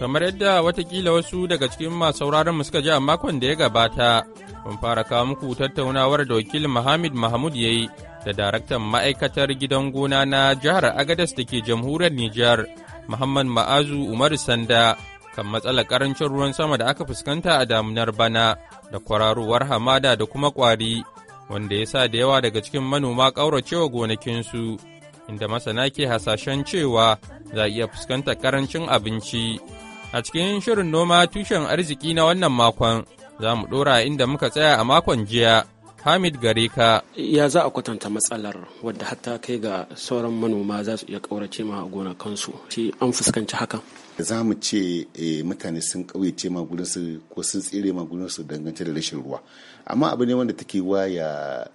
Kamar yadda watakila wasu daga cikin masu mu suka ji a makon da ya gabata, mun fara kawo muku tattaunawar da wakil Muhammad Mahmud ya yi da daraktan ma'aikatar gidan gona na jihar Agadas da ke jamhuriyar Nijar, Muhammad Ma'azu Umaru Sanda, kan matsalar karancin ruwan sama da aka fuskanta a damunar bana da kwararowar hamada da kuma kwari, wanda ya sa da yawa daga cikin manoma ƙauracewa gonakinsu. inda masana ke hasashen cewa za a iya fuskantar karancin abinci A cikin shirin noma tushen arziki na wannan makon, za mu ɗora inda muka tsaya a makon jiya. Hamid gareka. Ya za a kwatanta matsalar wadda hatta kai ga sauran manoma za su iya ƙaurace ma gonakansu. Shi an fuskanci haka. Za mu ce eh, mutane sun ƙauyace ma su ko sun tsere ma su dangance da rashin ruwa. Amma abu ne wanda take wa ya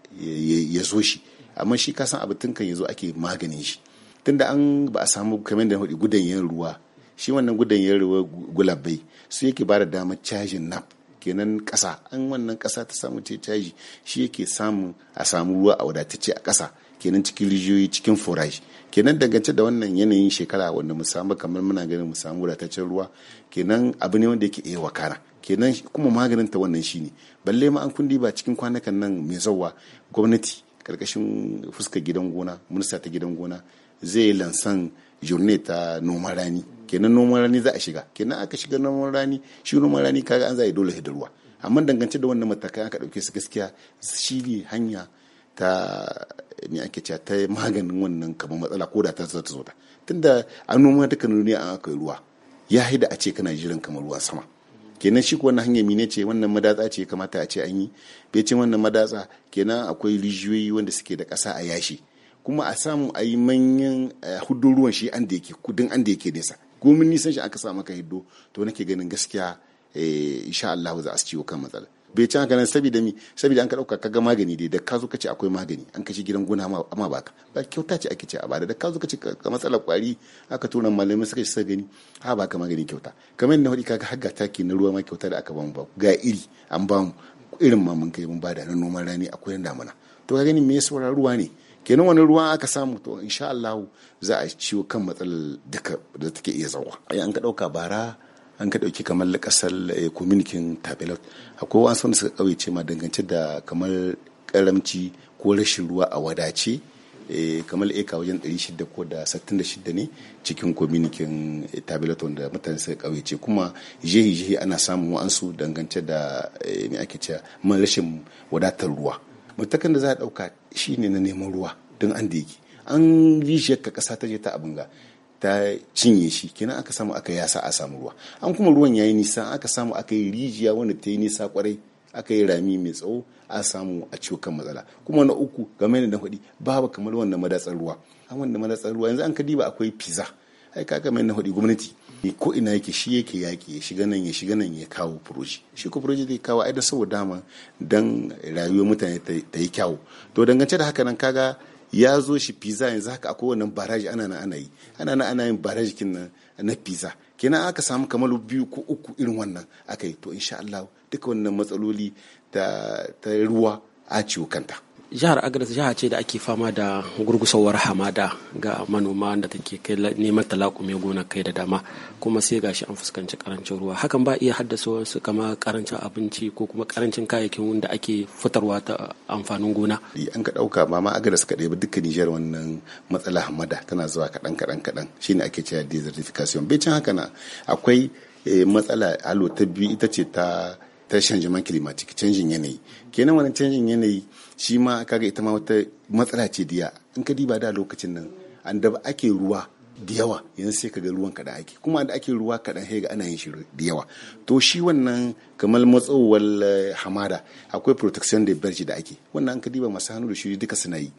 zo shi. Amma shi kasan abu tun kan ya zo ake maganin shi. Tunda an ba a samu kamar da gudan yin ruwa shi wannan gudan yarwa gulabai su yake ba da damar cajin nap kenan kasa an wannan kasa ta samu ce caji shi yake samun a samu ruwa a wadatacce a kasa kenan cikin rijiyoyi cikin forage kenan dangance da wannan yanayin shekara wanda mu samu kamar muna ganin mu samu wadataccen ruwa kenan abu ne wanda yake iya wakana kenan kuma maganin ta wannan shine balle ma an kundi ba cikin kwanakan nan mai zauwa gwamnati karkashin fuskar gidan gona minista ta gidan gona zai lansan journée ta noman rani kenan noman rani za a shiga kenan aka shiga noman rani shi noman rani kaga an za a yi dole da ruwa amma dangance da wannan matakan aka ɗauke su gaskiya shi ne hanya ta ne ake cewa ta maganin wannan kamar matsala ko da ta zata ta zo ta tunda an noma dukkan duniya an aka ruwa ya haida a ce kana jiran kamar ruwa sama kenan shi ko wannan hanya mine ce wannan madatsa ce kamata a ce an yi ce wannan madatsa kenan akwai rijiyoyi wanda suke da ƙasa a yashi kuma a samu a yi manyan hudun ruwan shi an da yake kudin an da yake nesa komin nisan shi aka sa maka hiddo to nake ganin gaskiya eh, insha Allah za a ciwo kan matsala bai ci haka nan saboda mi saboda an ka dauka kaga magani dai da ka zo ka ce akwai magani an ka ci gidan gona ma amma baka ba kyauta ce ake ce a bada da ka zo ka ce ka matsalar kwari aka tona malamai suka ci sa gani ha baka magani kyauta kamar yadda hudi kaga har ga taki na ruwa ma kyauta da aka bamu ba ga iri an bamu irin ma mun kai mun bada na noman rani akwai yanda mana to ka gani me yasa ruwa ne kenan wani ruwa aka samu to insha Allah za a ciwo kan matsalar duka da take iya ai an ka dauka bara an ka dauki kamar kasar eh, communiquin tabelot akwai wani wanda suka kauye ma dangance da kamar karamci ko rashin ruwa a wadace eh, kamar eka wajen 600 ko da 66 ne cikin communiquin eh, tabelot wanda mutane suka kauye ce kuma jehi jehi ana samun wa'ansu dangance da me ake cewa man rashin wadatar ruwa matakan da za a ɗauka ne na neman ruwa don an yake an rijiyar ka ƙasa ta je ta abinga ta cinye shi kenan aka samu aka yasa a samu ruwa an kuma ruwan ya yi nisa aka samu aka yi rijiya wanda ta yi nisa kwarai aka yi rami mai tsawo a samu a ciwo kan matsala kuma na uku game da hudi babu kamar wannan madatsar ruwa an wanda madatsar ruwa yanzu an ka diba akwai pizza ai kaga mai na hudi gwamnati ko ina yake shi yake yaƙi ya shiga nan ya shiga nan ya kawo furoji shi ko furoji zai kawo aida saboda dama dan rayuwar mutane ta yi kyawu to dangance da haka nan kaga ya zo shi pizza yanzu haka akwai wannan baraji ana nan ana yi ana nan ana yin baraji kin nan na pizza kenan aka samu kamar biyu ko uku irin wannan aka yi to insha Allah duka wannan matsaloli ta ruwa a ciwo kanta jihar agres jiha ce da ake fama da gurgusawar hamada ga manoma da take kai neman talakume gona kai da dama kuma sai gashi an fuskanci karancin ruwa hakan ba iya haddasa wasu kama karancin abinci ko kuma karancin kayayyakin wanda ake fitarwa ta amfanin gona an ka dauka ba ma agadas ba dukkan nijar wannan matsala hamada tana zuwa kaɗan kaɗan kaɗan shine ake cewa desertification bai can haka na akwai eh, matsala alo ta biyu ita ce ta ta canjaman climatic canjin yanayi kenan wani canjin yanayi shi ma kaga ita ma wata matsala ce diya in ka diba da lokacin nan an da ake ruwa da yawa yanzu sai kaga ruwan kaɗan ake kuma da ake ruwa kaɗan sai ga ana yin shi da yawa to shi wannan kamar matsowar eh, hamada akwai protection da barci da ake wannan an ka diba masu hannu da shiri duka suna yi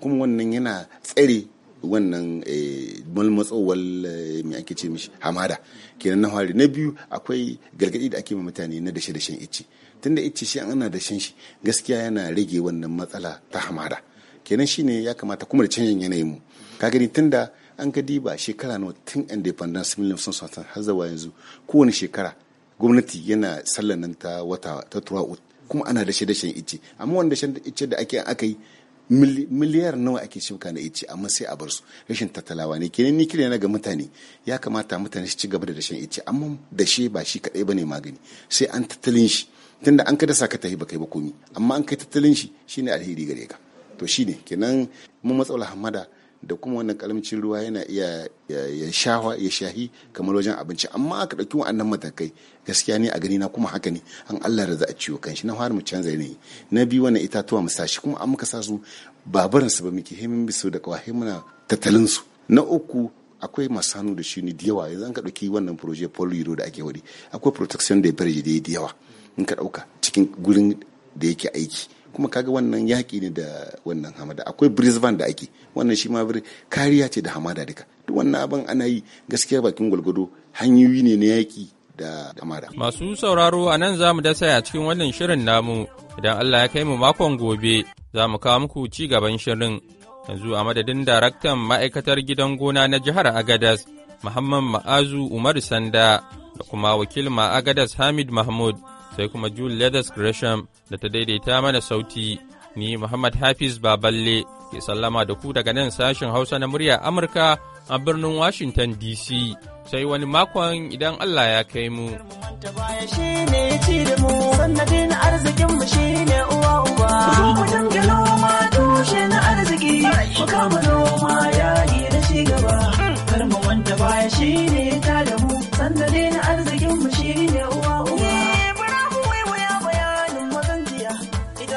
kuma wannan yana tsare wannan eh, malmatsowar eh, mai ake ce mishi hamada kenan na hari na biyu akwai gargadi da ake ma mutane na dashe-dashen ice tunda ice shi ana da shan shi gaskiya yana rage wannan matsala ta hamada kenan shine ya kamata kuma da canjin yanayin mu ka gani tunda an ka diba shekara nawa tun independence sata har zuwa yanzu kowane shekara gwamnati yana sallan nan ta wata ta tura'ut kuma ana da shi da shan ice amma wanda shan ice da ake aka yi miliyar nawa ake shuka na ice amma sai a bar su rashin tattalawa ne kenan ni kira ga mutane ya kamata mutane su ci gaba da dashen ice amma dashe ba shi kadai bane magani sai an tattalin shi tunda an ka dasa ka tafi ba kai ba komi amma an kai tattalin shi shine alheri gare ka to shine kenan mun matsawar hamada da kuma wannan kalamcin ruwa yana iya ya shawa ya shahi kamar wajen abinci amma aka ɗauki wa'annan matakai gaskiya ne a gani na kuma haka ne an Allah da za a ciwo kanshi na fara mu canza yanayi na biyu wannan itatuwa mu sashi kuma an muka sa su babaran su ba muke himin bisu da kawai muna tattalin su na uku akwai masu hannu da shi ne da yawa yanzu an ka ɗauki wannan proje polio da ake wadi akwai protection da barji da da yawa in ka ɗauka cikin gurin da yake aiki kuma kaga wannan yaƙi ne da wannan hamada akwai brisbane da ake wannan shi ma kariya ce da hamada duka duk wannan abin ana yi gaskiya bakin gwalgwado hanyoyi ne na yaƙi da hamada. masu sauraro a nan za mu dasa a cikin wannan shirin namu idan allah ya kai mu makon gobe za mu kawo muku ci gaban shirin yanzu a madadin daraktan ma'aikatar gidan gona na jihar Agadas, Muhammad Ma'azu Umar Sanda, da kuma wakil Agadas Hamid Mahmud, sai kuma Jule Leathers Gresham da ta daidaita mana sauti, ni Muhammad Hafiz Baballe, ke sallama da ku daga nan sashen Hausa na murya Amurka a birnin Washington DC, sai wani makon idan Allah ya kai mu. arzikinmu shine uwa uba.